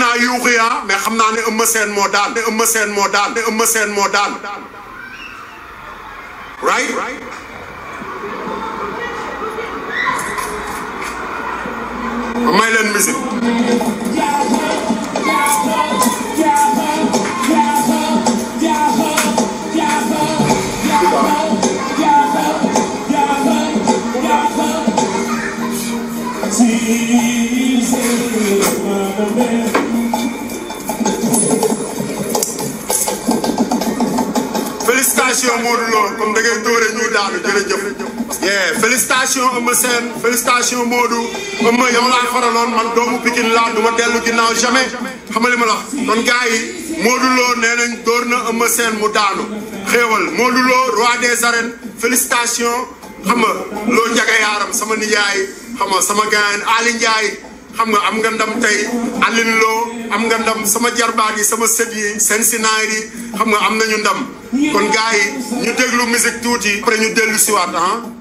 naa yuuxu yaa mais xam naa ne Eumeu Sène moo daan ne Eumeu Sène moo daan ne Eumeu Sène moo daan right may leen musique see félicitations Modou Lo comme da ngay dóore ñuy daanu jërëjëf. yeah félicitations Eumeu Sène félicitations Modou yow laa faraloon man doomu Pikine laa du ma dellu ginnaaw jamais xam li ma la wax. kon gars yi nee nañ dóor na Eumeu Sène mu daanu xéewal Modou Lo roi des arènes félicitations xam nga loo njaga yaaram sama nijaay xam nga sama gaañ Ali Ndiaye. xam nga am nga ndam tey Alioune Lo am nga ndam sama jarbaat yi sama sët yi seen sinaar xam nga am nañu ndam kon gars yi ñu déglu musique tuuti après ñu dellu siwaat ah